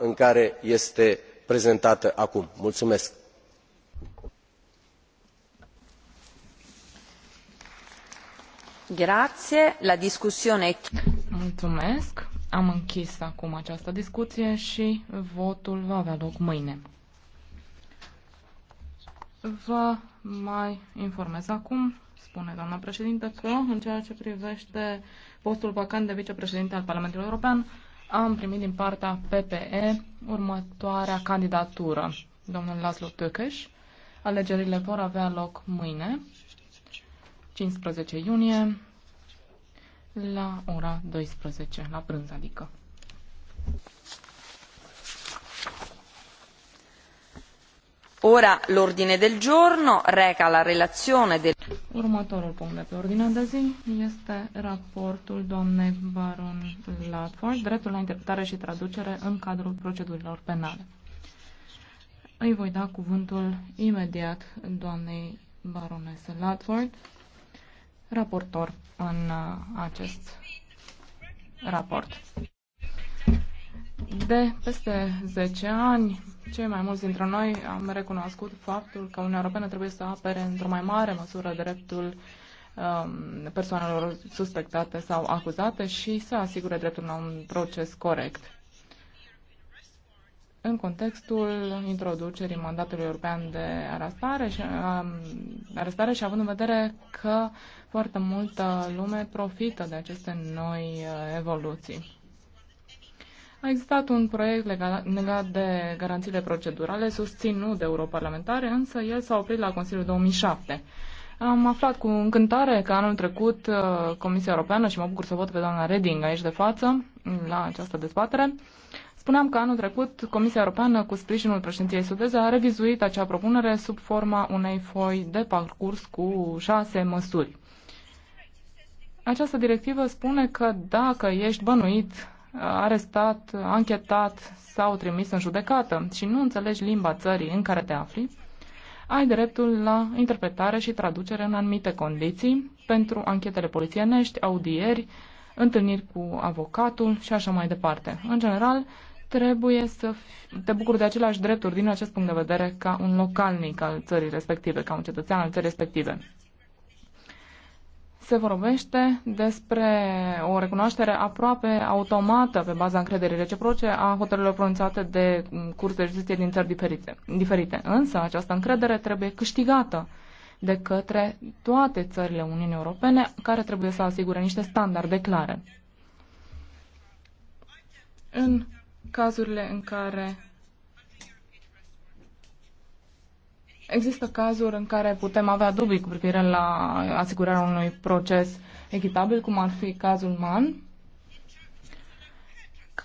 în care este prezentată acum. Mulțumesc. Grazie, la discussione. Mulțumesc. Am închis acum această discuție și votul va avea loc mâine. Vă mai informez acum, spune doamna președinte, că în ceea ce privește postul vacant de vicepreședinte al Parlamentului European, am primit din partea PPE următoarea candidatură, domnul Laszlo Tăcăș. Alegerile vor avea loc mâine, 15 iunie, la ora 12, la prânz adică. Ora l'ordine del giorno la Următorul punct de pe ordinea de zi este raportul doamnei Baron Latford, dreptul la interpretare și traducere în cadrul procedurilor penale. Îi voi da cuvântul imediat doamnei baronese Latford, raportor în uh, acest raport. De peste 10 ani, cei mai mulți dintre noi am recunoscut faptul că Uniunea Europeană trebuie să apere într-o mai mare măsură dreptul um, persoanelor suspectate sau acuzate și să asigure dreptul la un proces corect în contextul introducerii mandatului european de arestare și, um, arestare și având în vedere că foarte multă lume profită de aceste noi uh, evoluții. A existat un proiect legat de garanțiile procedurale susținut de europarlamentare, însă el s-a oprit la Consiliul 2007. Am aflat cu încântare că anul trecut uh, Comisia Europeană, și mă bucur să văd pe doamna Reding aici de față, la această dezbatere, spuneam că anul trecut Comisia Europeană, cu sprijinul președinției sudeze, a revizuit acea propunere sub forma unei foi de parcurs cu șase măsuri. Această directivă spune că dacă ești bănuit arestat, anchetat sau trimis în judecată și nu înțelegi limba țării în care te afli, ai dreptul la interpretare și traducere în anumite condiții pentru anchetele polițienești, audieri, întâlniri cu avocatul și așa mai departe. În general, trebuie să te bucuri de aceleași drepturi din acest punct de vedere ca un localnic al țării respective, ca un cetățean al țării respective se vorbește despre o recunoaștere aproape automată pe baza încrederii reciproce a hotărârilor pronunțate de curs de justiție din țări diferite. diferite. Însă această încredere trebuie câștigată de către toate țările Uniunii Europene care trebuie să asigure niște standarde clare. În cazurile în care Există cazuri în care putem avea dubii cu privire la asigurarea unui proces echitabil, cum ar fi cazul MAN,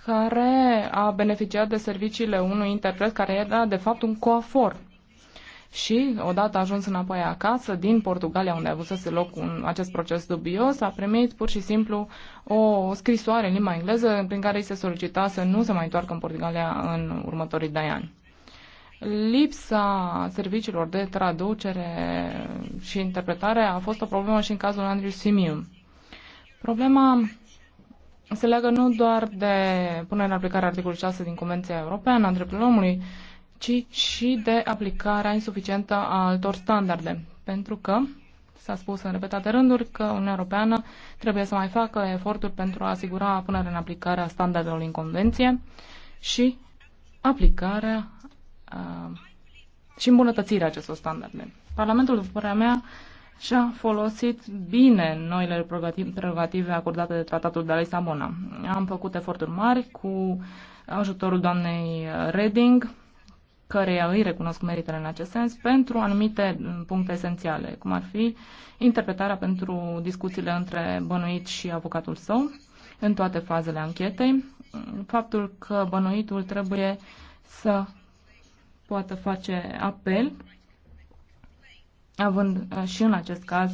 care a beneficiat de serviciile unui interpret care era de fapt un coafor. Și odată ajuns înapoi acasă, din Portugalia, unde a avut să se loc un, acest proces dubios, a primit pur și simplu o scrisoare în limba engleză prin care îi se solicita să nu se mai întoarcă în Portugalia în următorii doi ani. Lipsa serviciilor de traducere și interpretare a fost o problemă și în cazul Andrew Simiu. Problema se leagă nu doar de punerea în aplicare a articolului 6 din Convenția Europeană a Drepturilor Omului, ci și de aplicarea insuficientă a altor standarde, pentru că s-a spus în repetate rânduri că Uniunea Europeană trebuie să mai facă eforturi pentru a asigura punerea în aplicare a standardelor în Convenție și aplicarea uh, și îmbunătățirea acestor standarde. Parlamentul, după părerea mea, și-a folosit bine noile prerogative acordate de Tratatul de la Lisabona. Am făcut eforturi mari cu ajutorul doamnei Reding, care îi recunosc meritele în acest sens, pentru anumite puncte esențiale, cum ar fi interpretarea pentru discuțiile între bănuit și avocatul său în toate fazele anchetei, faptul că bănuitul trebuie să poată face apel, având uh, și în acest caz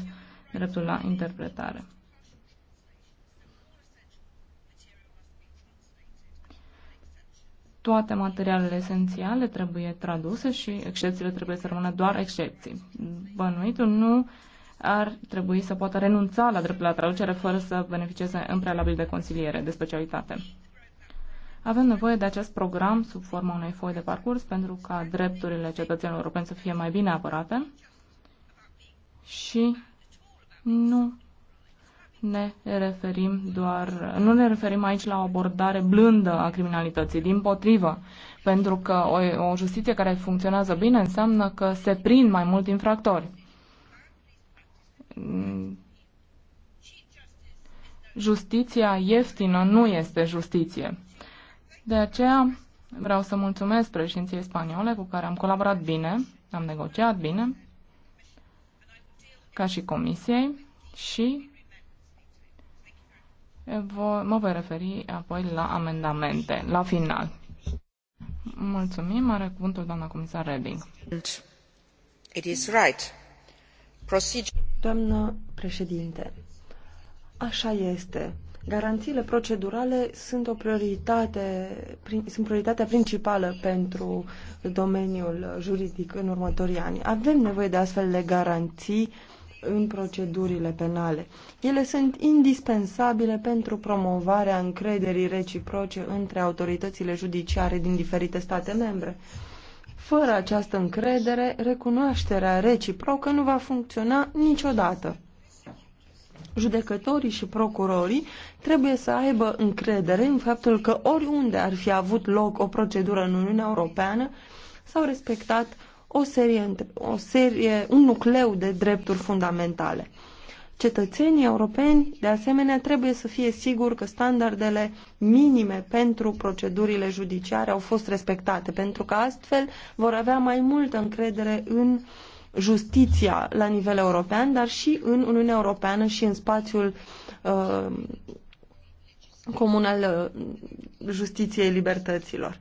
dreptul la interpretare. toate materialele esențiale trebuie traduse și excepțiile trebuie să rămână doar excepții. Bănuitul nu ar trebui să poată renunța la dreptul la traducere fără să beneficieze în prealabil de consiliere de specialitate. Avem nevoie de acest program sub forma unei foi de parcurs pentru ca drepturile cetățenilor europeni să fie mai bine apărate și nu ne referim doar, nu ne referim aici la o abordare blândă a criminalității, din potrivă, pentru că o, o justiție care funcționează bine înseamnă că se prind mai mulți infractori. Justiția ieftină nu este justiție. De aceea vreau să mulțumesc președinției spaniole cu care am colaborat bine, am negociat bine, ca și comisiei și mă voi referi apoi la amendamente, la final. Mulțumim, are cuvântul doamna comisar Reding. It is right. Procedure... Doamnă președinte, așa este. Garanțiile procedurale sunt o prioritate, sunt prioritatea principală pentru domeniul juridic în următorii ani. Avem nevoie de astfel de garanții în procedurile penale. Ele sunt indispensabile pentru promovarea încrederii reciproce între autoritățile judiciare din diferite state membre. Fără această încredere, recunoașterea reciprocă nu va funcționa niciodată judecătorii și procurorii trebuie să aibă încredere în faptul că oriunde ar fi avut loc o procedură în Uniunea Europeană, s-au respectat o serie, o serie, un nucleu de drepturi fundamentale. Cetățenii europeni, de asemenea, trebuie să fie siguri că standardele minime pentru procedurile judiciare au fost respectate, pentru că astfel vor avea mai multă încredere în uh, justiția la nivel european, dar și în Uniunea Europeană și în spațiul uh, comun al uh, justiției libertăților.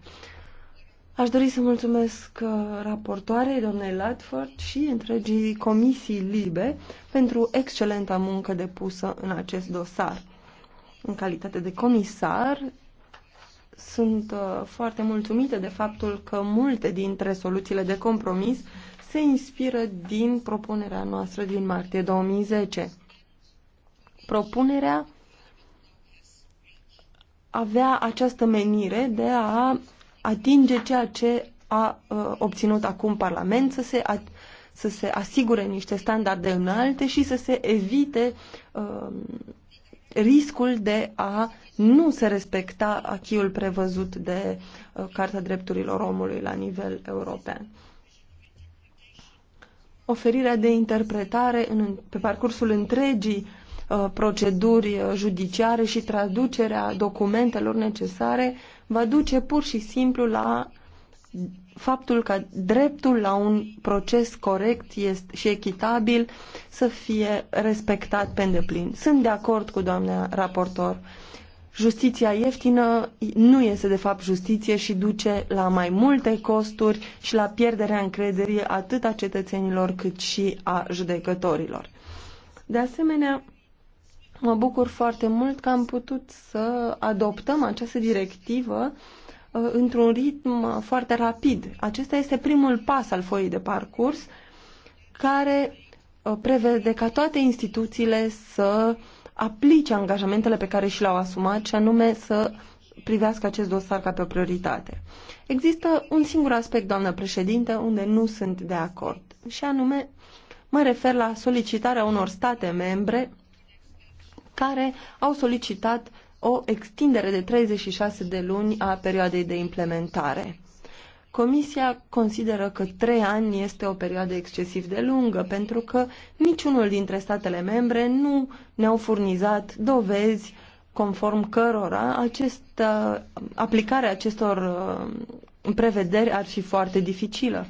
Aș dori să mulțumesc uh, raportoarei doamnei Latford și întregii comisii LIBE pentru excelenta muncă depusă în acest dosar. În calitate de comisar, sunt uh, foarte mulțumită de faptul că multe dintre soluțiile de compromis se inspiră din propunerea noastră din martie 2010. Propunerea avea această menire de a atinge ceea ce a uh, obținut acum Parlament, să se, a, să se asigure niște standarde înalte și să se evite uh, riscul de a nu se respecta achiul prevăzut de uh, Carta Drepturilor Omului la nivel european oferirea de interpretare în, pe parcursul întregii uh, proceduri uh, judiciare și traducerea documentelor necesare va duce pur și simplu la faptul că dreptul la un proces corect este și echitabil să fie respectat pe îndeplin. Sunt de acord cu doamna raportor. Justiția ieftină nu este de fapt justiție și duce la mai multe costuri și la pierderea încrederii atât a cetățenilor cât și a judecătorilor. De asemenea, mă bucur foarte mult că am putut să adoptăm această directivă uh, într-un ritm foarte rapid. Acesta este primul pas al foii de parcurs care uh, prevede ca toate instituțiile să aplice angajamentele pe care și le-au asumat și anume să privească acest dosar ca pe o prioritate. Există un singur aspect, doamnă președinte, unde nu sunt de acord și anume mă refer la solicitarea unor state membre care au solicitat o extindere de 36 de luni a perioadei de implementare. Comisia consideră că trei ani este o perioadă excesiv de lungă, pentru că niciunul dintre statele membre nu ne-au furnizat dovezi conform cărora acest, uh, aplicarea acestor uh, prevederi ar fi foarte dificilă.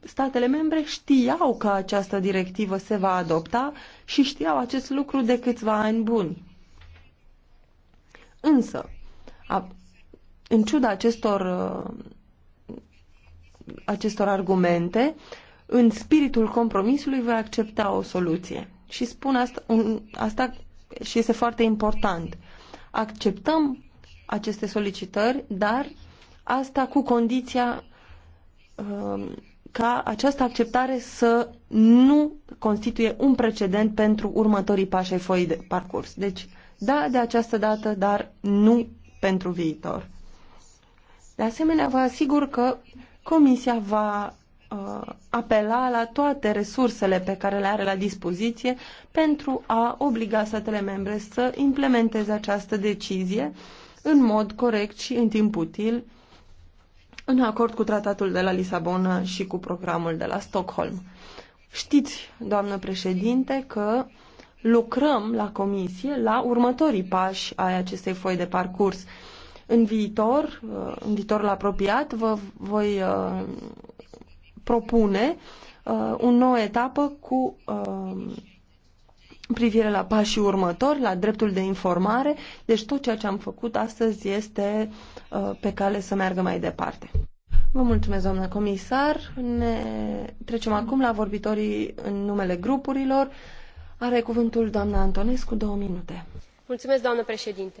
Statele membre știau că această directivă se va adopta și știau acest lucru de câțiva ani buni. Însă, a, în ciuda acestor uh, acestor argumente, în spiritul compromisului voi accepta o soluție. Și spun asta, un, asta și este foarte important. Acceptăm aceste solicitări, dar asta cu condiția um, ca această acceptare să nu constituie un precedent pentru următorii pași ai foii de parcurs. Deci, da, de această dată, dar nu pentru viitor. De asemenea, vă asigur că Comisia va uh, apela la toate resursele pe care le are la dispoziție pentru a obliga statele membre să implementeze această decizie în mod corect și în timp util, în acord cu tratatul de la Lisabona și cu programul de la Stockholm. Știți, doamnă președinte, că lucrăm la comisie la următorii pași ai acestei foi de parcurs. În viitor, uh, în viitorul apropiat, vă voi uh, propune o uh, nouă etapă cu privire la pașii următori, la dreptul de informare. Deci tot ceea ce am făcut astăzi este pe cale să meargă mai departe. Vă mulțumesc, doamna comisar. Ne trecem acum la vorbitorii în numele grupurilor. Are cuvântul doamna Antonescu, două minute. Mulțumesc, doamnă președinte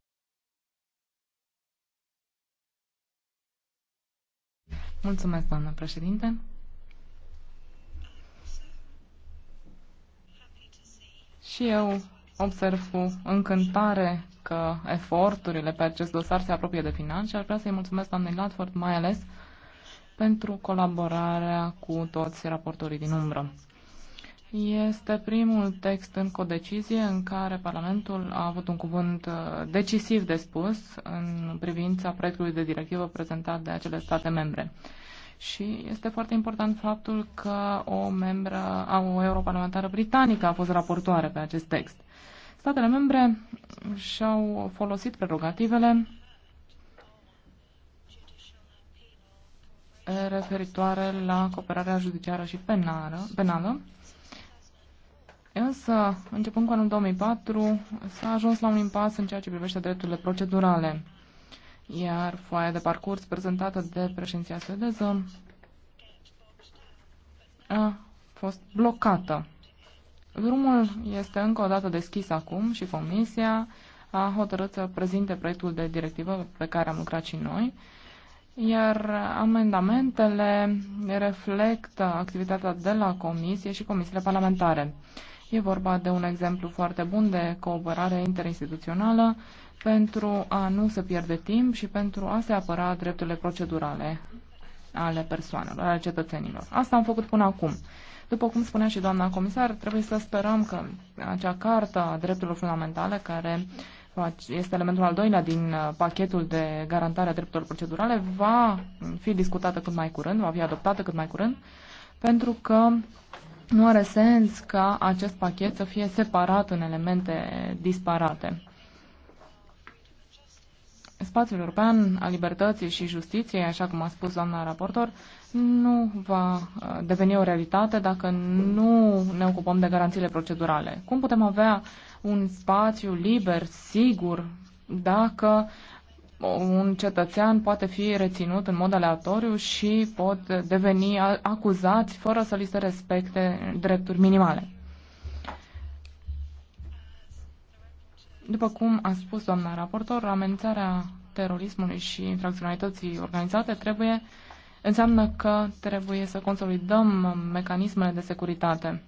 Mulțumesc, doamnă președinte. Și eu observ cu încântare că eforturile pe acest dosar se apropie de final și ar vrea să-i mulțumesc doamnei Latford mai ales pentru colaborarea cu toți raportorii din umbră. Este primul text în codecizie în care Parlamentul a avut un cuvânt uh, decisiv de spus în privința proiectului de directivă prezentat de acele state membre. Și este foarte important faptul că o membră, o europarlamentară britanică a fost raportoare pe acest text. Statele membre și-au folosit prerogativele referitoare la cooperarea judiciară și penală, penală Însă, începând cu anul 2004, s-a ajuns la un impas în ceea ce privește drepturile procedurale, iar foaia de parcurs prezentată de președinția suedeză a fost blocată. Drumul este încă o dată deschis acum și Comisia a hotărât să prezinte proiectul de directivă pe care am lucrat și noi, iar amendamentele reflectă activitatea de la Comisie și Comisiile Parlamentare. E vorba de un exemplu foarte bun de cooperare interinstituțională pentru a nu se pierde timp și pentru a se apăra drepturile procedurale ale persoanelor, ale cetățenilor. Asta am făcut până acum. După cum spunea și doamna comisar, trebuie să sperăm că acea cartă a drepturilor fundamentale, care este elementul al doilea din uh, pachetul de garantare a drepturilor procedurale, va fi discutată cât mai curând, va fi adoptată cât mai curând, pentru că nu are sens ca acest pachet să fie separat în elemente disparate. Spațiul european al libertății și justiției, așa cum a spus doamna raportor, nu va uh, deveni o realitate dacă nu ne ocupăm de garanțiile procedurale. Cum putem avea un spațiu liber, sigur, dacă un cetățean poate fi reținut în mod aleatoriu și pot deveni acuzați fără să li se respecte drepturi minimale. După cum a spus doamna raportor, amenințarea terorismului și infracționalității organizate trebuie înseamnă că trebuie să consolidăm mecanismele de securitate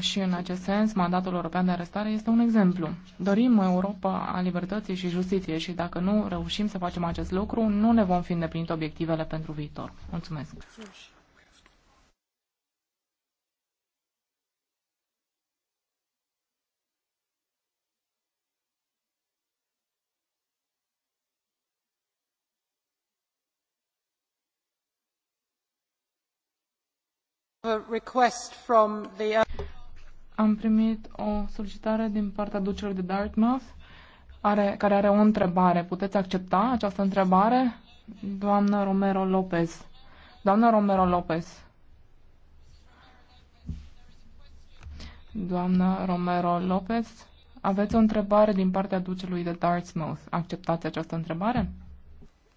și în acest sens, mandatul european de arestare este un exemplu. Dorim Europa a libertății și justiției și dacă nu reușim să facem acest lucru, nu ne vom fi îndeplinit obiectivele pentru viitor. Mulțumesc! A request from the am primit o solicitare din partea ducelui de Dartmouth are, care are o întrebare. Puteți accepta această întrebare? Doamna Romero Lopez. Doamna Romero Lopez. Doamna Romero Lopez, aveți o întrebare din partea ducelui de Dartmouth. Acceptați această întrebare?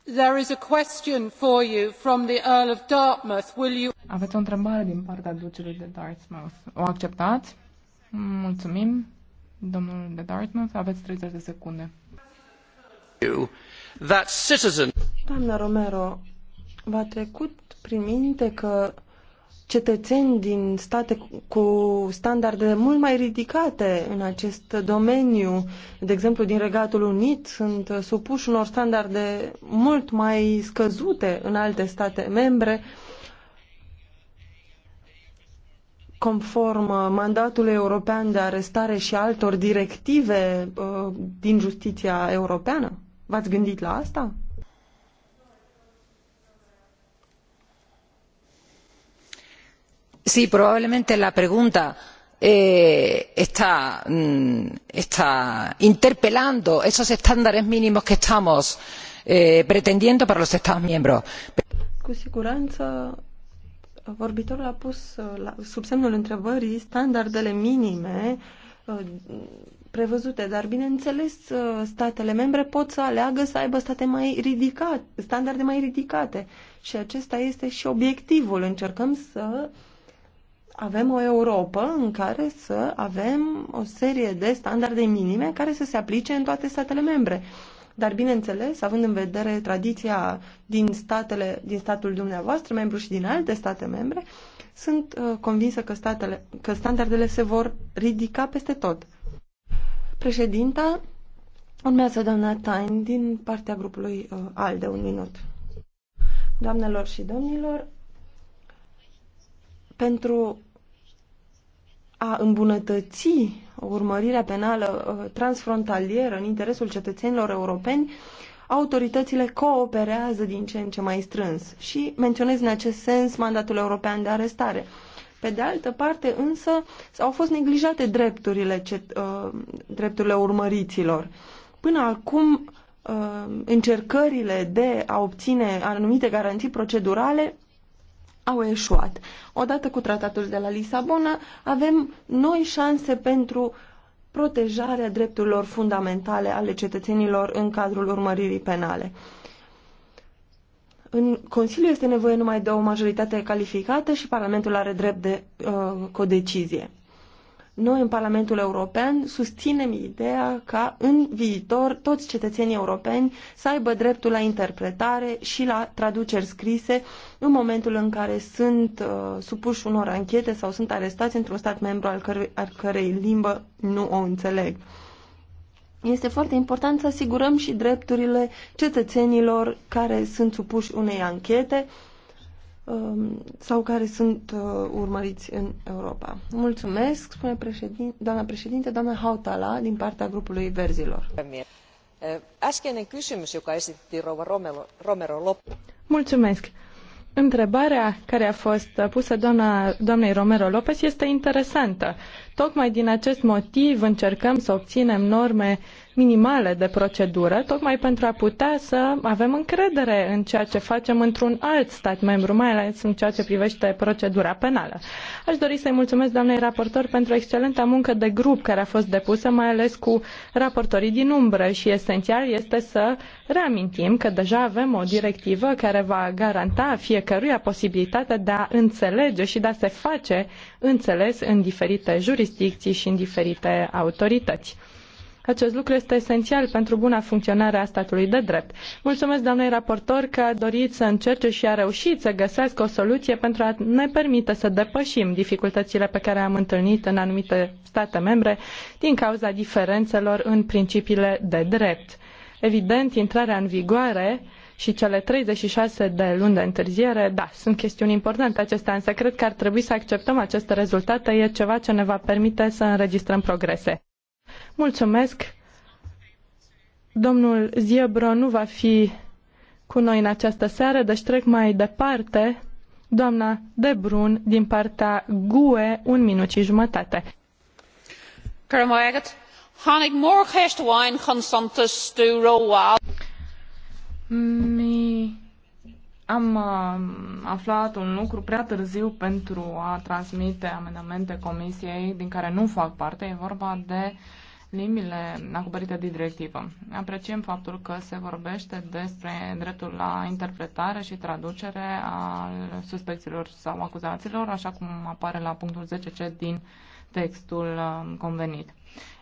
There is a question for you from the Earl of Dartmouth. Will you... Aveți o întrebare din partea ducelui de Dartmouth. O acceptați? Mulțumim, domnul de Dartmouth. Aveți 30 de secunde. Doamna Romero, v-a trecut prin minte că cetățeni din state cu standarde mult mai ridicate în acest domeniu, de exemplu din Regatul Unit, sunt supuși unor standarde mult mai scăzute în alte state membre, conform uh, mandatului european de arestare și altor directive uh, din justiția europeană? V-ați gândit la asta? Sí, probablemente la pregunta eh, está, mm, está interpelando esos estándares mínimos que estamos eh, pretendiendo para los Estados miembros. Cu siguranță Vorbitorul a pus uh, la, sub semnul întrebării standardele minime uh, prevăzute, dar bineînțeles uh, statele membre pot să aleagă să aibă state mai ridicate, standarde mai ridicate și acesta este și obiectivul. Încercăm să avem o Europa în care să avem o serie de standarde minime care să se aplice în toate statele membre dar bineînțeles, având în vedere tradiția din, statele, din statul dumneavoastră, membru și din alte state membre, sunt uh, convinsă că, statele, că standardele se vor ridica peste tot. Președinta, urmează doamna Tain din partea grupului uh, ALDE, un minut. Doamnelor și domnilor, pentru a îmbunătăți urmărirea penală uh, transfrontalieră în interesul cetățenilor europeni, autoritățile cooperează din ce în ce mai strâns și menționez în acest sens mandatul european de arestare. Pe de altă parte, însă, au fost neglijate drepturile, cet, uh, drepturile urmăriților. Până acum, uh, încercările de a obține anumite garanții procedurale au eșuat. Odată cu tratatul de la Lisabona, avem noi șanse pentru protejarea drepturilor fundamentale ale cetățenilor în cadrul urmăririi penale. În Consiliu este nevoie numai de o majoritate calificată și Parlamentul are drept de uh, codecizie. Noi, în Parlamentul European, susținem ideea ca în viitor toți cetățenii europeni să aibă dreptul la interpretare și la traduceri scrise în momentul în care sunt uh, supuși unor anchete sau sunt arestați într-un stat membru al, căr- al cărei limbă nu o înțeleg. Este foarte important să asigurăm și drepturile cetățenilor care sunt supuși unei anchete uh, Um, sau care sunt uh, urmăriți în Europa. Mulțumesc, spune președin, doamna președinte, doamna Hautala, din partea grupului Verzilor. Mulțumesc. Întrebarea care a fost pusă doamna, doamnei Romero Lopez este interesantă. Tocmai din acest motiv încercăm să obținem norme minimale de procedură, tocmai pentru a putea să avem încredere în ceea ce facem într-un alt stat membru, mai ales în ceea ce privește procedura penală. Aș dori să-i mulțumesc doamnei raportor pentru excelenta muncă de grup care a fost depusă, mai ales cu raportorii din umbră și esențial este să reamintim că deja avem o directivă care va garanta fiecăruia posibilitatea de a înțelege și de a se face înțeles în diferite jurisdicții și în diferite autorități. Acest lucru este esențial pentru buna funcționare a statului de drept. Mulțumesc doamnei raportor că a dorit să încerce și a reușit să găsească o soluție pentru a ne permite să depășim dificultățile pe care am întâlnit în anumite state membre din cauza diferențelor în principiile de drept. Evident, intrarea în vigoare și cele 36 de luni de întârziere, da, sunt chestiuni importante acestea, însă cred că ar trebui să acceptăm aceste rezultate, e ceva ce ne va permite să înregistrăm progrese. Mulțumesc. Domnul Ziebro nu va fi cu noi în această seară, deci trec mai departe. Doamna De Brun, din partea GUE, un minut și jumătate. Mi am um, aflat un lucru prea târziu pentru a transmite amendamente comisiei din care nu fac parte. E vorba de uh, limbile acoperite de directivă. Apreciem faptul că se vorbește despre dreptul la interpretare și traducere al suspecțiilor sau acuzațiilor, așa cum apare la punctul 10c din textul uh, convenit.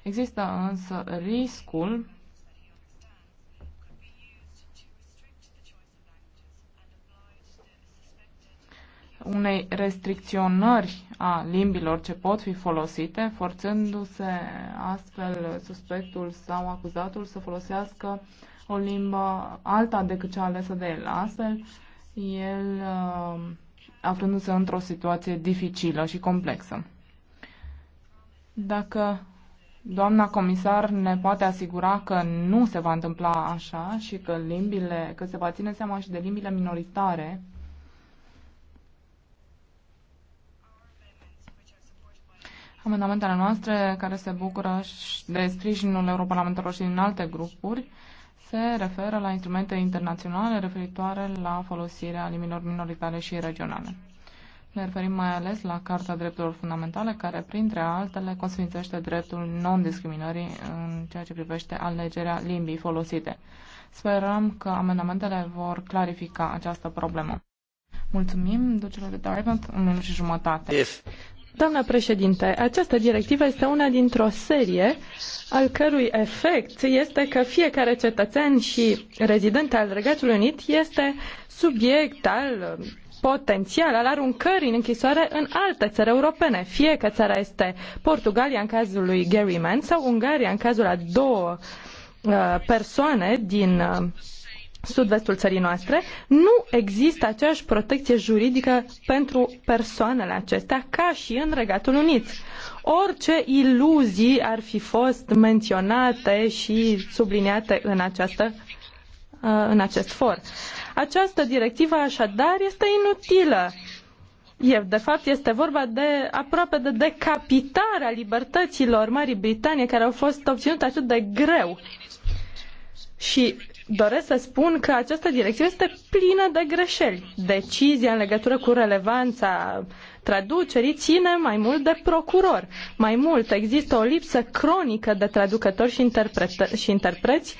Există însă riscul unei restricționări a limbilor ce pot fi folosite, forțându-se astfel suspectul sau acuzatul să folosească o limbă alta decât cea alesă de el. Astfel, el uh, aflându-se într-o situație dificilă și complexă. Dacă doamna comisar ne poate asigura că nu se va întâmpla așa și că limbile, că se va ține seama și de limbile minoritare, Amendamentele noastre care se bucură de sprijinul europarlamentarilor și din alte grupuri se referă la instrumente internaționale referitoare la folosirea limbilor minoritare și regionale. Ne referim mai ales la Carta Drepturilor Fundamentale, care, printre altele, consfințește dreptul non-discriminării în ceea ce privește alegerea limbii folosite. Sperăm că amendamentele vor clarifica această problemă. Mulțumim, ducele de Dartmouth, un minut și jumătate. Yes. Doamna președinte, această directivă este una dintr-o serie al cărui efect este că fiecare cetățean și rezident al Regatului Unit este subiect al potențial al aruncării în închisoare în alte țări europene, fie că țara este Portugalia în cazul lui Gary Mann sau Ungaria în cazul a două uh, persoane din uh, sud-vestul țării noastre, nu există aceeași protecție juridică pentru persoanele acestea ca și în Regatul Unit. Orice iluzii ar fi fost menționate și subliniate în, această, uh, în acest for. Această directivă așadar este inutilă. E, de fapt, este vorba de aproape de decapitarea libertăților Marii Britanie care au fost obținute atât de greu. Și doresc să spun că această directivă este plină de greșeli. Decizia în legătură cu relevanța traducerii ține mai mult de procuror. Mai mult, există o lipsă cronică de traducători și, interpret și interpreți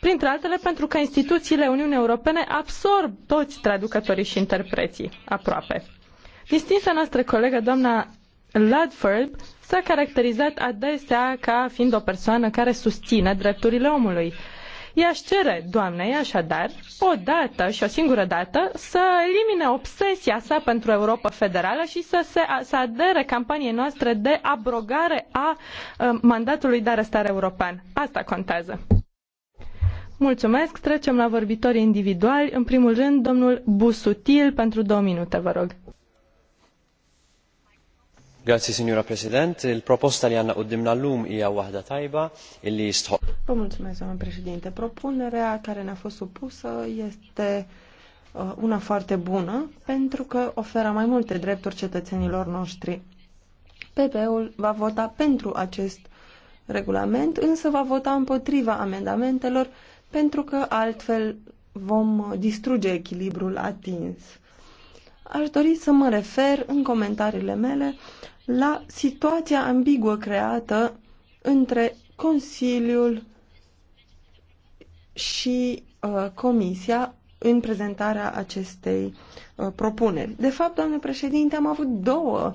printre altele pentru că instituțiile Uniunii Europene absorb toți traducătorii și interpreții, aproape. Distinsa noastră colegă, doamna Ludford, s-a caracterizat adesea ca fiind o persoană care susține drepturile omului. I-aș cere doamnei așadar o dată și o singură dată să elimine obsesia sa pentru Europa Federală și să se să adere campaniei noastre de abrogare a um, mandatului de arestare european. Asta contează. Mulțumesc. Trecem la vorbitorii individuali. În primul rând, domnul Busutil, pentru două minute, vă rog il proposta Propunerea care ne-a fost supusă este uh, una foarte bună pentru că oferă mai multe drepturi cetățenilor noștri. ppe ul va vota pentru acest regulament, însă va vota împotriva amendamentelor pentru că altfel vom distruge echilibrul atins aș dori să mă refer în comentariile mele la situația ambiguă creată între Consiliul și uh, Comisia în prezentarea acestei uh, propuneri. De fapt, doamne președinte, am avut două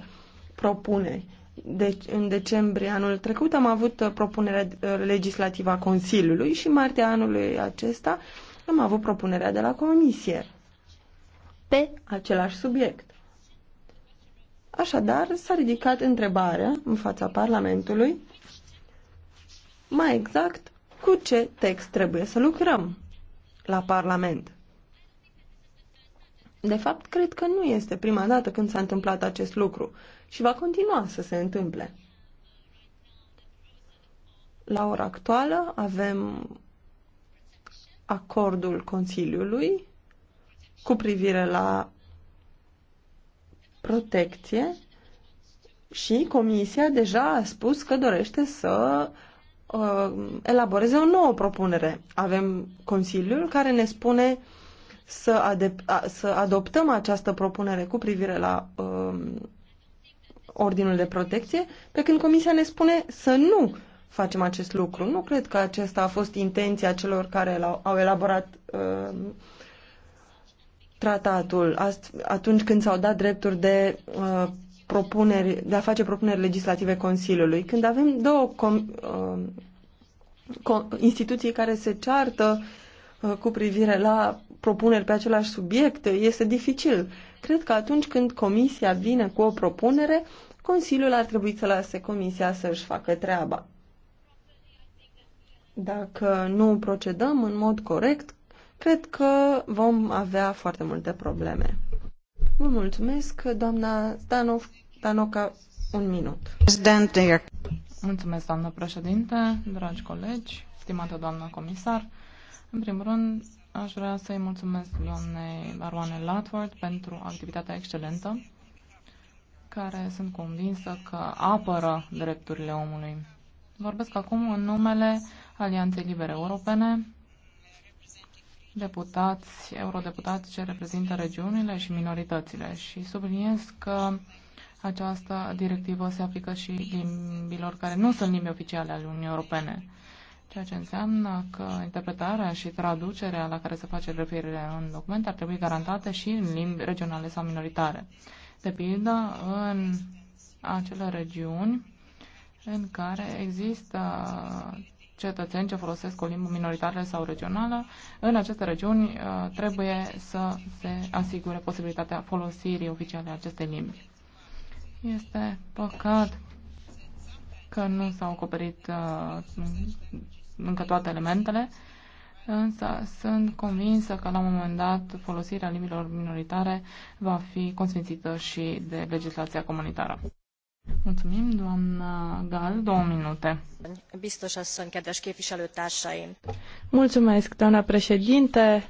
propuneri. Deci, în decembrie anul trecut am avut uh, propunerea uh, legislativă a Consiliului și martie anului acesta am avut propunerea de la Comisie pe același subiect. Așadar, s-a ridicat întrebarea în fața Parlamentului, mai exact, cu ce text trebuie să lucrăm la Parlament. De fapt, cred că nu este prima dată când s-a întâmplat acest lucru și va continua să se întâmple. La ora actuală avem acordul Consiliului cu privire la protecție și Comisia deja a spus că dorește să uh, elaboreze o nouă propunere. Avem Consiliul care ne spune să, adep- a, să adoptăm această propunere cu privire la uh, Ordinul de Protecție, pe când Comisia ne spune să nu facem acest lucru. Nu cred că acesta a fost intenția celor care au elaborat uh, tratatul atunci când s-au dat drepturi de, uh, propuneri, de a face propuneri legislative Consiliului. Când avem două com, uh, com, instituții care se ceartă uh, cu privire la propuneri pe același subiect, este dificil. Cred că atunci când Comisia vine cu o propunere, Consiliul ar trebui să lase Comisia să-și facă treaba. Dacă nu procedăm în mod corect, cred că vom avea foarte multe probleme. Vă mulțumesc, doamna Stanov, Stanoca, un minut. Mulțumesc, doamna președinte, dragi colegi, stimată doamna comisar. În primul rând, aș vrea să-i mulțumesc doamnei Baroane Latford pentru activitatea excelentă, care sunt convinsă că apără drepturile omului. Vorbesc acum în numele Alianței Libere Europene, deputați, eurodeputați ce reprezintă regiunile și minoritățile și subliniez că această directivă se aplică și limbilor care nu sunt limbi oficiale ale Uniunii Europene, ceea ce înseamnă că interpretarea și traducerea la care se face referire în document ar trebui garantate și în limbi regionale sau minoritare. De pildă, în acele regiuni în care există cetățeni ce folosesc o limbă minoritară sau regională, în aceste regiuni uh, trebuie să se asigure posibilitatea folosirii oficiale a acestei limbi. Este păcat că nu s-au acoperit uh, încă toate elementele, însă sunt convinsă că la un moment dat folosirea limbilor minoritare va fi consfințită și de legislația comunitară. Mulțumim, doamna Gal, două minute. Biztos asszony, kedves képviselőtársaim. Mulțumesc, doamna președinte,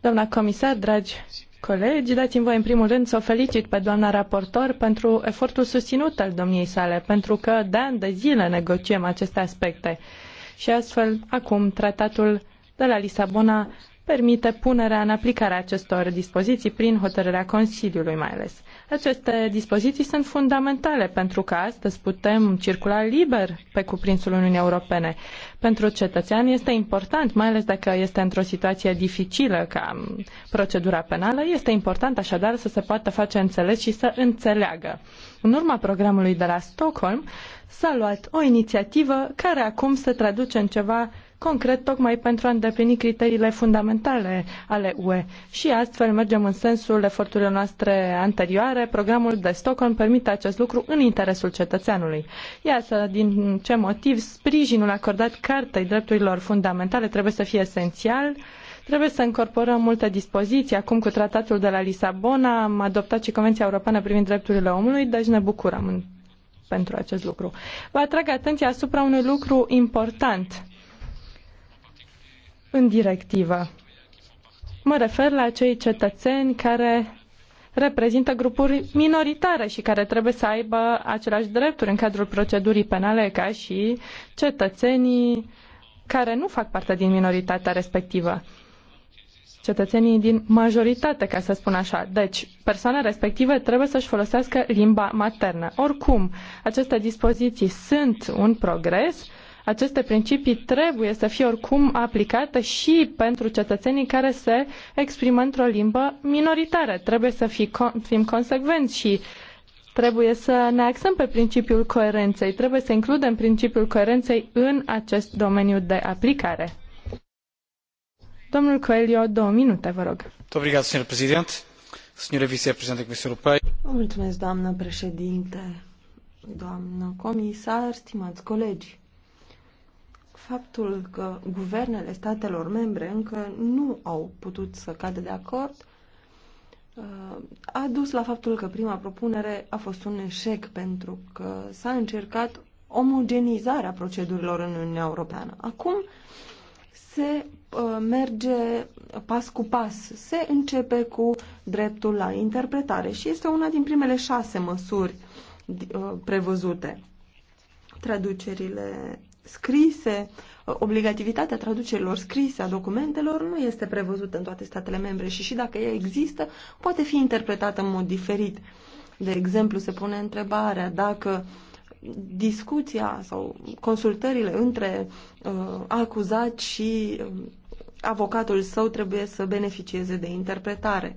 doamna comisar, dragi colegi, dați-mi voi în primul rând să o felicit pe doamna raportor pentru efortul susținut al domniei sale, pentru că de ani de zile negociem aceste aspecte. Și astfel, acum, tratatul de la Lisabona permite punerea în aplicare a acestor dispoziții prin hotărârea Consiliului mai ales. Aceste dispoziții sunt fundamentale pentru că astăzi putem circula liber pe cuprinsul Uniunii Europene. Pentru cetățean este important, mai ales dacă este într-o situație dificilă ca procedura penală, este important așadar să se poată face înțeles și să înțeleagă. În urma programului de la Stockholm s-a luat o inițiativă care acum se traduce în ceva concret tocmai pentru a îndeplini criteriile fundamentale ale UE. Și astfel mergem în sensul eforturilor noastre anterioare. Programul de Stockholm permite acest lucru în interesul cetățeanului. Iată din ce motiv sprijinul acordat Cartei Drepturilor Fundamentale trebuie să fie esențial Trebuie să încorporăm multe dispoziții. Acum cu tratatul de la Lisabona am adoptat și Convenția Europeană privind drepturile omului, deci ne bucurăm pentru acest lucru. Vă atrag atenția asupra unui lucru important în directivă. Mă refer la cei cetățeni care reprezintă grupuri minoritare și care trebuie să aibă aceleași drepturi în cadrul procedurii penale ca și cetățenii care nu fac parte din minoritatea respectivă. Cetățenii din majoritate, ca să spun așa. Deci, persoana respective trebuie să-și folosească limba maternă. Oricum, aceste dispoziții sunt un progres, aceste principii trebuie să fie oricum aplicate și pentru cetățenii care se exprimă într-o limbă minoritară. Trebuie să fim consecvenți și trebuie să ne axăm pe principiul coerenței. Trebuie să includem principiul coerenței în acest domeniu de aplicare. Domnul Coelho, două minute, vă rog. Obrigado, senhor presidente. Senhora vice da Comisiei Europeia. Mulțumesc, doamnă președinte, doamnă comisar, stimați colegi faptul că guvernele statelor membre încă nu au putut să cadă de acord uh, a dus la faptul că prima propunere a fost un eșec pentru că s-a încercat omogenizarea procedurilor în Uniunea Europeană. Acum se uh, merge pas cu pas, se începe cu dreptul la interpretare și este una din primele șase măsuri uh, prevăzute. Traducerile scrise, obligativitatea traducerilor scrise a documentelor nu este prevăzută în toate statele membre și și dacă ea există, poate fi interpretată în mod diferit. De exemplu, se pune întrebarea dacă discuția sau consultările între uh, acuzat și uh, avocatul său trebuie să beneficieze de interpretare.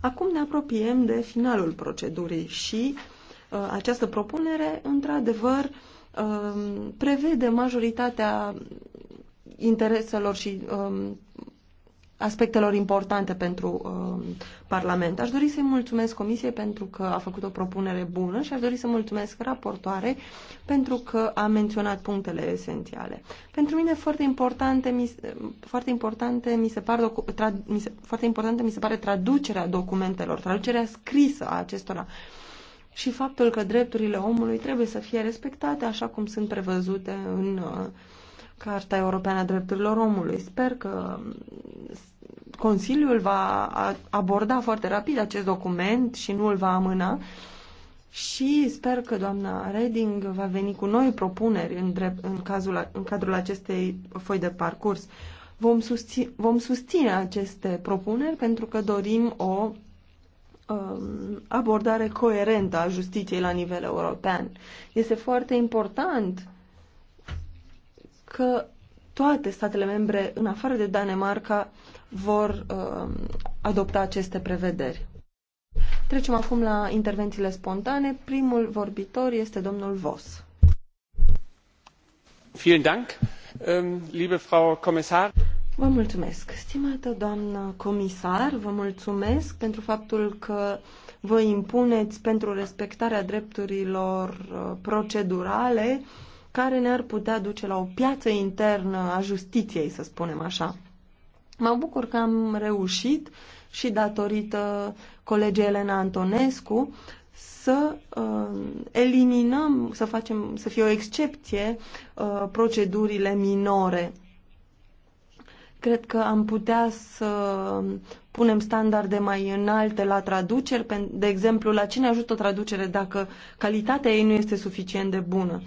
Acum ne apropiem de finalul procedurii și uh, această propunere, într-adevăr, uh, Um, prevede majoritatea intereselor și um, aspectelor importante pentru um, Parlament. Aș dori să-i mulțumesc Comisiei pentru că a făcut o propunere bună și aș dori să mulțumesc raportoare pentru că a menționat punctele esențiale. Pentru mine foarte importante mi, foarte importante mi, se, par tra, mi se, foarte importante mi se pare traducerea documentelor, traducerea scrisă a acestora. Uh, și faptul că drepturile omului trebuie să fie respectate așa cum sunt prevăzute în uh, Carta Europeană a Drepturilor Omului. Sper că mm, Consiliul va aborda foarte rapid acest document și nu îl va amâna și sper că doamna Reding va veni cu noi propuneri în, drept, în, cazul, în cadrul acestei foi de parcurs. Vom, susține, vom susține aceste propuneri pentru că dorim o Um, abordare coerentă a justiției la nivel european. Este foarte important că toate statele membre, în afară de Danemarca, vor uh, adopta aceste prevederi. Trecem acum la intervențiile spontane. Primul vorbitor este domnul Vos. Vielen Dank, ähm, liebe Frau Kommissar. Vă mulțumesc, stimată doamnă comisar, vă mulțumesc pentru faptul că vă impuneți pentru respectarea drepturilor uh, procedurale care ne-ar putea duce la o piață internă a justiției, să spunem așa. Mă bucur că am reușit și datorită colegii Elena Antonescu să uh, eliminăm, să facem, să fie o excepție uh, procedurile minore Cred că am putea să punem standarde mai înalte la traduceri, de exemplu, la cine ajută o traducere dacă calitatea ei nu este suficient de bună.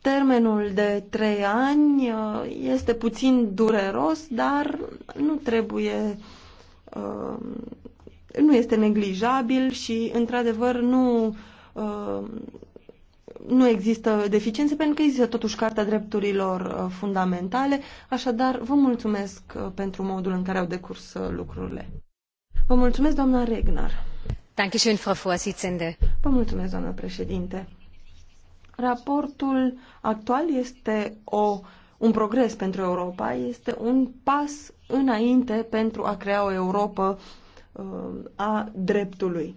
Termenul de trei ani uh, este puțin dureros, dar nu trebuie, uh, nu este neglijabil și, într-adevăr, nu uh, nu există deficiențe pentru că există totuși cartea Drepturilor uh, Fundamentale, așadar vă mulțumesc uh, pentru modul în care au decurs uh, lucrurile. Vă mulțumesc, doamna Regnar. Dankeschön, Frau Vorsitzende. Vă mulțumesc, doamna președinte. Raportul actual este o, un progres pentru Europa, este un pas înainte pentru a crea o Europa a dreptului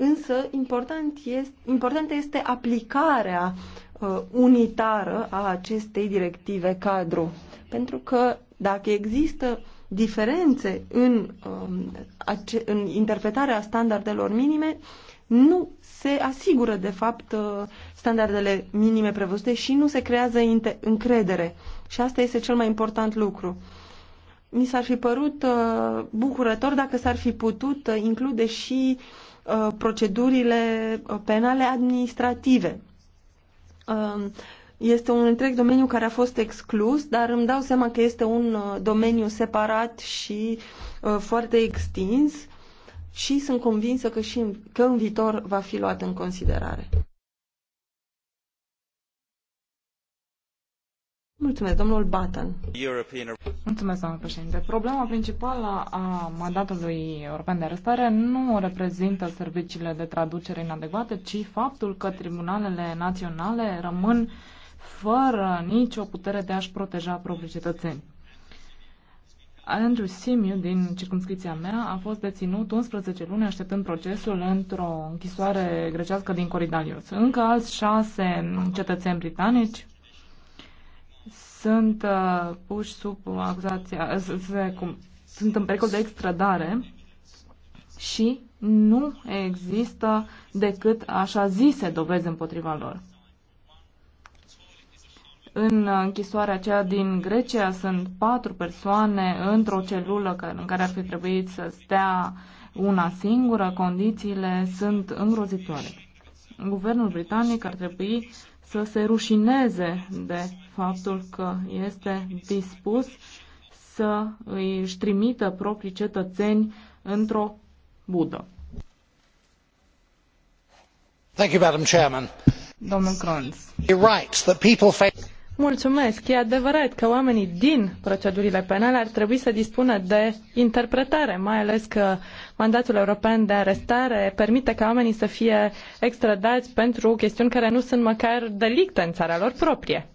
însă important este, importantă este aplicarea uh, unitară a acestei directive cadru. Pentru că dacă există diferențe în, um, ace- în interpretarea standardelor minime, nu se asigură, de fapt, uh, standardele minime prevăzute și nu se creează încredere. Și asta este cel mai important lucru. Mi s-ar fi părut uh, bucurător dacă s-ar fi putut uh, include și uh, Uh, procedurile uh, penale administrative. Um, este un întreg domeniu care a fost exclus, dar îmi dau seama că este un uh, domeniu separat și foarte extins și sunt convinsă că, și în, că în viitor va fi luat în considerare. Mulțumesc, domnul Button. Mulțumesc, domnul președinte. Problema principală a mandatului european de arestare nu reprezintă serviciile de traducere inadecvate, ci faptul că tribunalele naționale rămân fără nicio putere de a-și proteja proprii cetățeni. Andrew Simiu din circumscripția mea a fost deținut 11 luni așteptând procesul într-o închisoare grecească din Coridalius. Încă alți șase cetățeni britanici sunt uh, puși sub acuzația, uh, sunt în pericol de extradare și nu există decât așa zise dovezi împotriva lor. În închisoarea aceea din Grecia sunt patru persoane într-o celulă în care ar fi trebuit să stea una singură. Condițiile sunt îngrozitoare. Guvernul britanic ar trebui să se rușineze de faptul că este dispus să își trimită proprii cetățeni într-o budă. Thank you, Madam Chairman. Domnul Cronz. You're right that people face Mulțumesc. E adevărat că oamenii din procedurile penale ar trebui să dispună de interpretare, mai ales că mandatul european de arestare permite ca oamenii să fie extradați pentru chestiuni care nu sunt măcar delicte în țara lor proprie.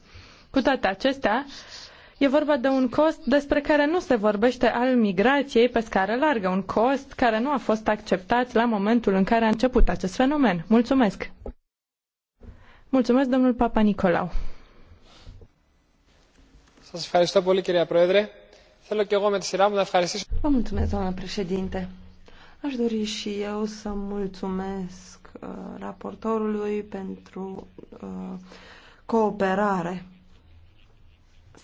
Cu toate acestea, E vorba de un cost despre care nu se vorbește al migrației pe scară largă, un cost care nu a fost acceptat la momentul în care a început acest fenomen. Mulțumesc! Mulțumesc, domnul Papa Nicolau! Vă mulțumesc, doamnă președinte. Aș dori și eu să mulțumesc uh, raportorului pentru uh, cooperare.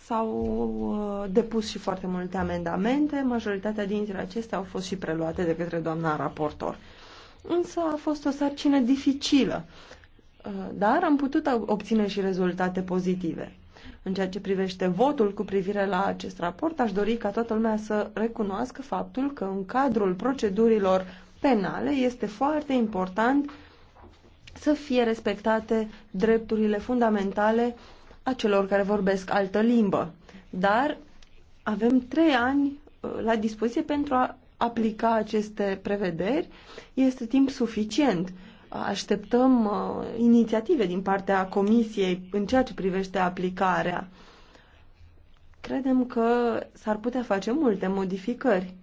S-au uh, depus și foarte multe amendamente, majoritatea dintre acestea au fost și preluate de către doamna raportor. Însă a fost o sarcină dificilă, uh, dar am putut obține și rezultate pozitive. În ceea ce privește votul cu privire la acest raport, aș dori ca toată lumea să recunoască faptul că în cadrul procedurilor penale este foarte important să fie respectate drepturile fundamentale a celor care vorbesc altă limbă. Dar avem trei ani uh, la dispoziție pentru a aplica aceste prevederi. Este timp suficient așteptăm uh, inițiative din partea Comisiei în ceea ce privește aplicarea. Credem că s-ar putea face multe modificări.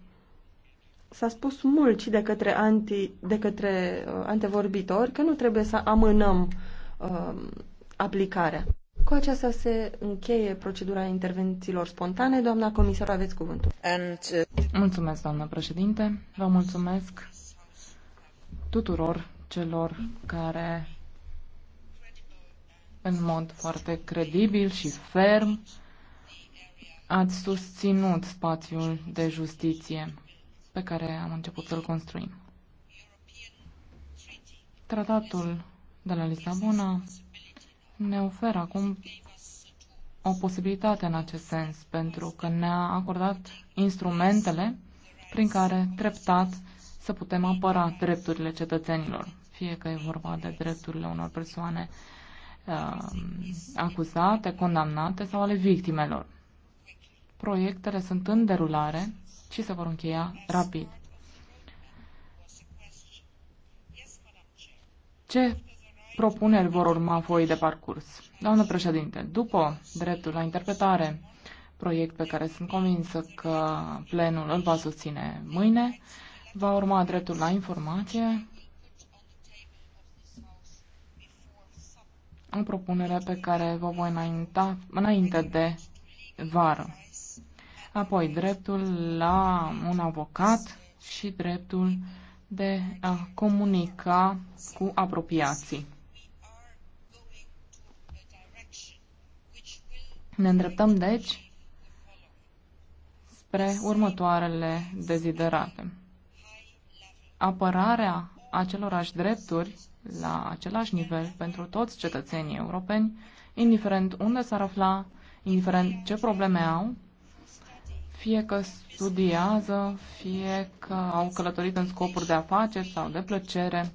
S-a spus mult și de către, anti, de către uh, antevorbitori că nu trebuie să amânăm uh, aplicarea. Cu aceasta se încheie procedura intervențiilor spontane. Doamna comisar, aveți cuvântul. And, uh... Mulțumesc, doamnă președinte. Vă mulțumesc tuturor celor care în mod foarte credibil și ferm ați susținut spațiul de justiție pe care am început să-l construim. Tratatul de la Lisabona ne oferă acum o posibilitate în acest sens, pentru că ne-a acordat instrumentele prin care treptat să putem apăra drepturile cetățenilor fie că e vorba de drepturile unor persoane uh, acuzate, condamnate sau ale victimelor. Proiectele sunt în derulare și se vor încheia rapid. Ce propuneri vor urma voi de parcurs? Doamnă președinte, după dreptul la interpretare, proiect pe care sunt convinsă că plenul îl va susține mâine, va urma dreptul la informație, în propunerea pe care vă voi înainta înainte de vară. Apoi dreptul la un avocat și dreptul de a comunica cu apropiații. Ne îndreptăm, deci, spre următoarele deziderate. Apărarea acelorași drepturi la același nivel pentru toți cetățenii europeni, indiferent unde s-ar afla, indiferent ce probleme au, fie că studiază, fie că au călătorit în scopuri de afaceri sau de plăcere.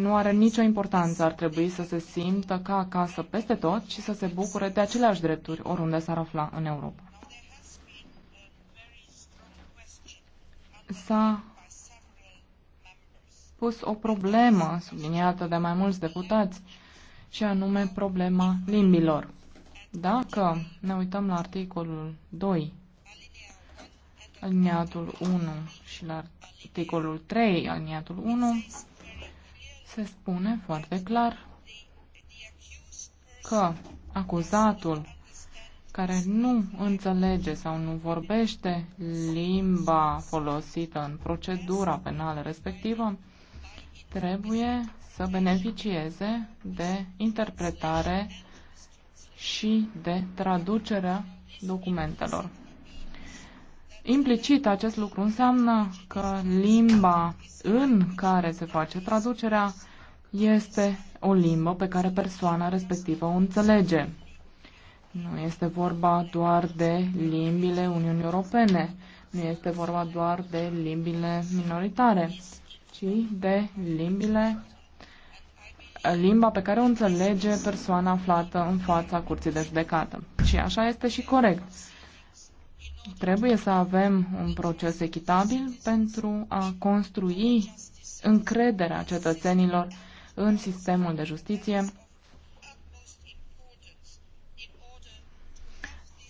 Nu are nicio importanță, ar trebui să se simtă ca acasă peste tot și să se bucure de aceleași drepturi oriunde s-ar afla în Europa. S-a pus o problemă subliniată de mai mulți deputați, și anume problema limbilor. Dacă ne uităm la articolul 2, aliniatul 1 și la articolul 3, aliniatul 1, se spune foarte clar că acuzatul care nu înțelege sau nu vorbește limba folosită în procedura penală respectivă trebuie să beneficieze de interpretare și de traducerea documentelor. Implicit acest lucru înseamnă că limba în care se face traducerea este o limbă pe care persoana respectivă o înțelege. Nu este vorba doar de limbile Uniunii Europene, nu este vorba doar de limbile minoritare, ci de limbile, limba pe care o înțelege persoana aflată în fața curții de judecată. Și așa este și corect. Trebuie să avem un proces echitabil pentru a construi încrederea cetățenilor în sistemul de justiție.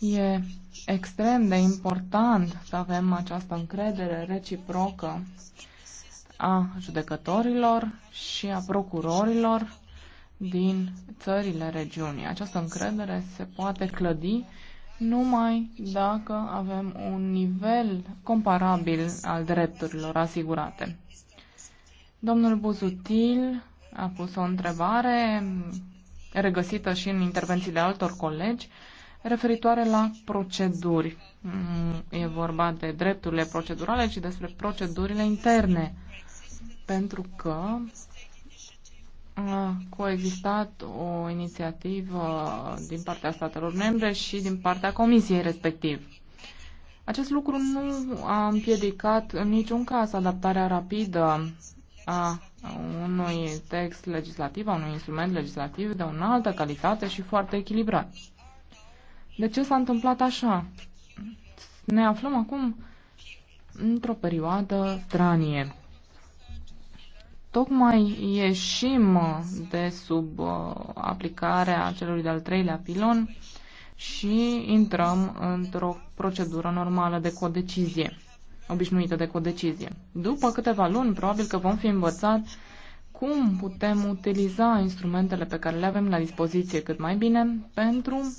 E extrem de important să avem această încredere reciprocă a judecătorilor și a procurorilor din țările regiunii. Această încredere se poate clădi numai dacă avem un nivel comparabil al drepturilor asigurate. Domnul Buzutil a pus o întrebare regăsită și în intervențiile altor colegi referitoare la proceduri. Mm, e vorba de drepturile procedurale, și despre procedurile interne pentru că uh, a coexistat o inițiativă din partea statelor membre și din partea Comisiei respectiv. Acest lucru nu a împiedicat în niciun caz adaptarea rapidă a unui text legislativ, a unui instrument legislativ de o înaltă calitate și foarte echilibrat. De ce s-a întâmplat așa? Ne aflăm acum într-o perioadă stranie tocmai ieșim uh, de sub uh, aplicarea celui de-al treilea pilon și intrăm într-o procedură normală de codecizie, obișnuită de codecizie. După câteva luni, probabil că vom fi învățat cum putem utiliza instrumentele pe care le avem la dispoziție cât mai bine pentru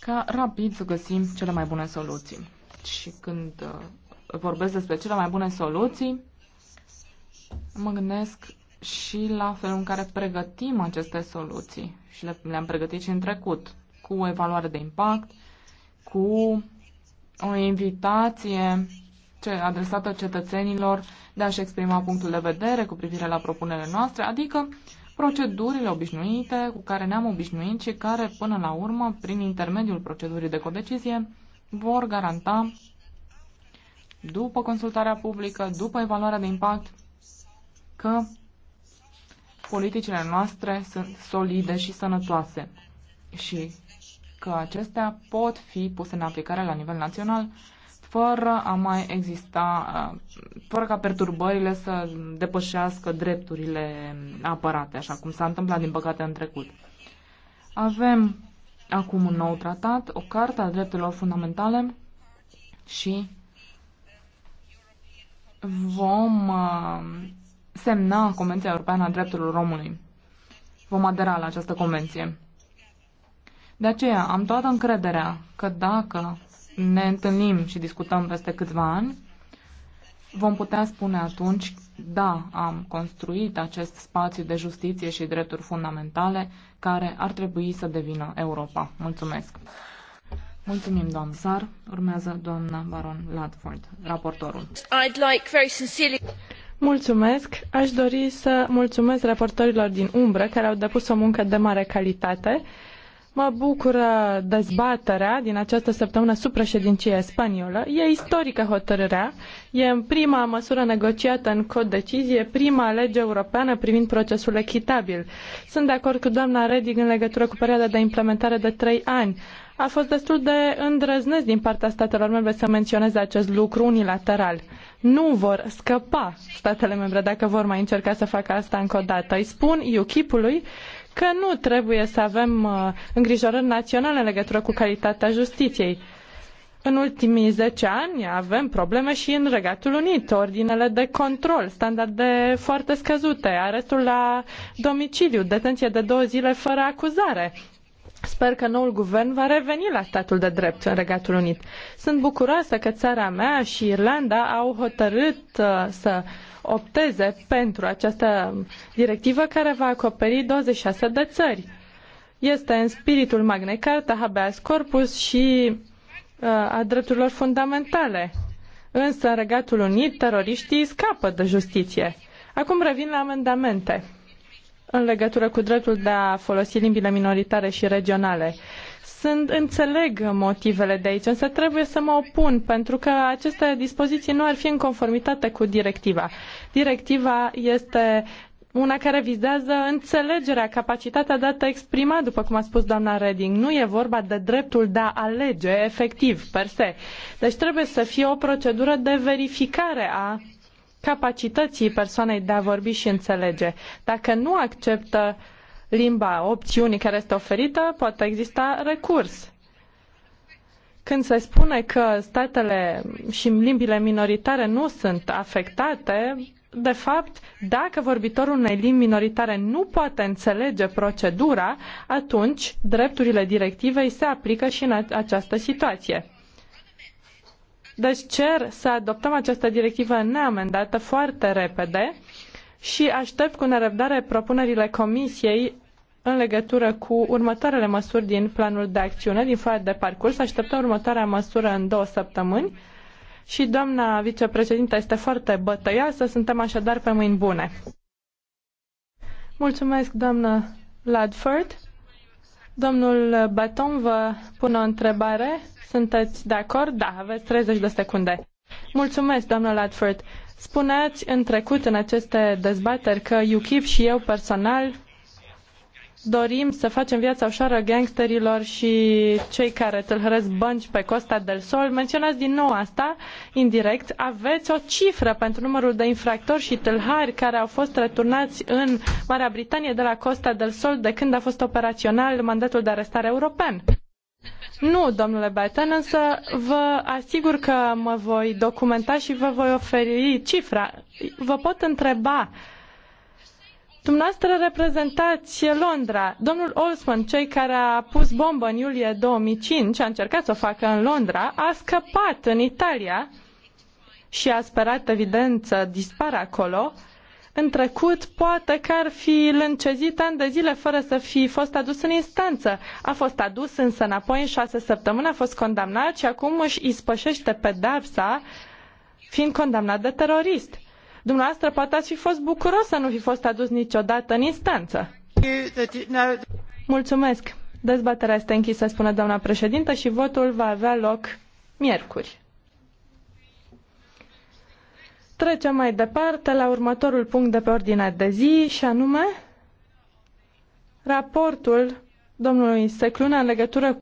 ca rapid să găsim cele mai bune soluții. Și când uh, vorbesc despre cele mai bune soluții, mă gândesc și la felul în care pregătim aceste soluții și le, le-am pregătit și în trecut, cu o evaluare de impact, cu o invitație ce, adresată cetățenilor de a-și exprima punctul de vedere cu privire la propunerile noastre, adică procedurile obișnuite cu care ne-am obișnuit și care, până la urmă, prin intermediul procedurii de codecizie, vor garanta, după consultarea publică, după evaluarea de impact, că politicile noastre sunt solide și sănătoase și că acestea pot fi puse în aplicare la nivel național fără a mai exista, fără ca perturbările să depășească drepturile apărate, așa cum s-a întâmplat, din păcate, în trecut. Avem acum un nou tratat, o carte a drepturilor fundamentale și vom uh, semna Convenția Europeană a Drepturilor Omului. Vom adera la această convenție. De aceea am toată încrederea că dacă ne întâlnim și discutăm peste câțiva ani, vom putea spune atunci, da, am construit acest spațiu de justiție și drepturi fundamentale care ar trebui să devină Europa. Mulțumesc! Mulțumim, doamnă Sar. Urmează doamna Baron Ladford, raportorul. I'd like very sincerely... Mulțumesc. Aș dori să mulțumesc raportorilor din umbră care au depus o muncă de mare calitate. Mă bucură dezbaterea din această săptămână sub președincie spaniolă. E istorică hotărârea. E în prima măsură negociată în cod decizie, prima lege europeană privind procesul echitabil. Sunt de acord cu doamna Reding în legătură cu perioada de implementare de trei ani a fost destul de îndrăznesc din partea statelor membre să menționeze acest lucru unilateral. Nu vor scăpa statele membre dacă vor mai încerca să facă asta încă o dată. Îi spun UKIP-ului că nu trebuie să avem uh, îngrijorări naționale în legătură cu calitatea justiției. În ultimii 10 ani avem probleme și în Regatul Unit, ordinele de control, standarde foarte scăzute, arestul la domiciliu, detenție de două zile fără acuzare sper că noul guvern va reveni la statul de drept în Regatul Unit. Sunt bucuroasă că țara mea și Irlanda au hotărât uh, să opteze pentru această directivă care va acoperi 26 de țări. Este în spiritul Magne Carta, habeas corpus și uh, a drepturilor fundamentale. Însă, în Regatul Unit, teroriștii scapă de justiție. Acum revin la amendamente în legătură cu dreptul de a folosi limbile minoritare și regionale. Sunt, înțeleg motivele de aici, însă trebuie să mă opun, pentru că aceste dispoziții nu ar fi în conformitate cu directiva. Directiva este una care vizează înțelegerea, capacitatea de a te exprima, după cum a spus doamna Reding. Nu e vorba de dreptul de a alege efectiv, per se. Deci trebuie să fie o procedură de verificare a capacității persoanei de a vorbi și înțelege. Dacă nu acceptă limba opțiunii care este oferită, poate exista recurs. Când se spune că statele și limbile minoritare nu sunt afectate, de fapt, dacă vorbitorul unei limbi minoritare nu poate înțelege procedura, atunci drepturile directivei se aplică și în această situație. Deci cer să adoptăm această directivă neamendată foarte repede și aștept cu nerăbdare propunerile Comisiei în legătură cu următoarele măsuri din planul de acțiune, din foaia de parcurs. Așteptăm următoarea măsură în două săptămâni și doamna vicepreședintă este foarte bătăioasă, suntem așadar pe mâini bune. Mulțumesc, doamnă Ladford. Domnul Baton vă pune o întrebare. Sunteți de acord? Da, aveți 30 de secunde. Mulțumesc, doamnă Ladford. Spuneați în trecut, în aceste dezbateri, că UKIP și eu personal dorim să facem viața ușoară gangsterilor și cei care tâlhăresc bănci pe Costa del Sol. Menționați din nou asta, indirect. Aveți o cifră pentru numărul de infractori și tâlhari care au fost returnați în Marea Britanie de la Costa del Sol de când a fost operațional mandatul de arestare european. Nu, domnule Batten, însă vă asigur că mă voi documenta și vă voi oferi cifra. Vă pot întreba. Dumneavoastră reprezentați Londra. Domnul Olsman, cei care a pus bombă în iulie 2005, a încercat să o facă în Londra, a scăpat în Italia și a sperat evident să dispară acolo în trecut, poate că ar fi lâncezit ani de zile fără să fi fost adus în instanță. A fost adus însă înapoi în șase săptămâni, a fost condamnat și acum își ispășește pedapsa fiind condamnat de terorist. Dumneavoastră poate ați fi fost bucuros să nu fi fost adus niciodată în instanță. Mulțumesc. Dezbaterea este închisă, spune doamna președintă, și votul va avea loc miercuri. Trecem mai departe la următorul punct de pe ordinea de zi și anume raportul domnului Secluna în legătură cu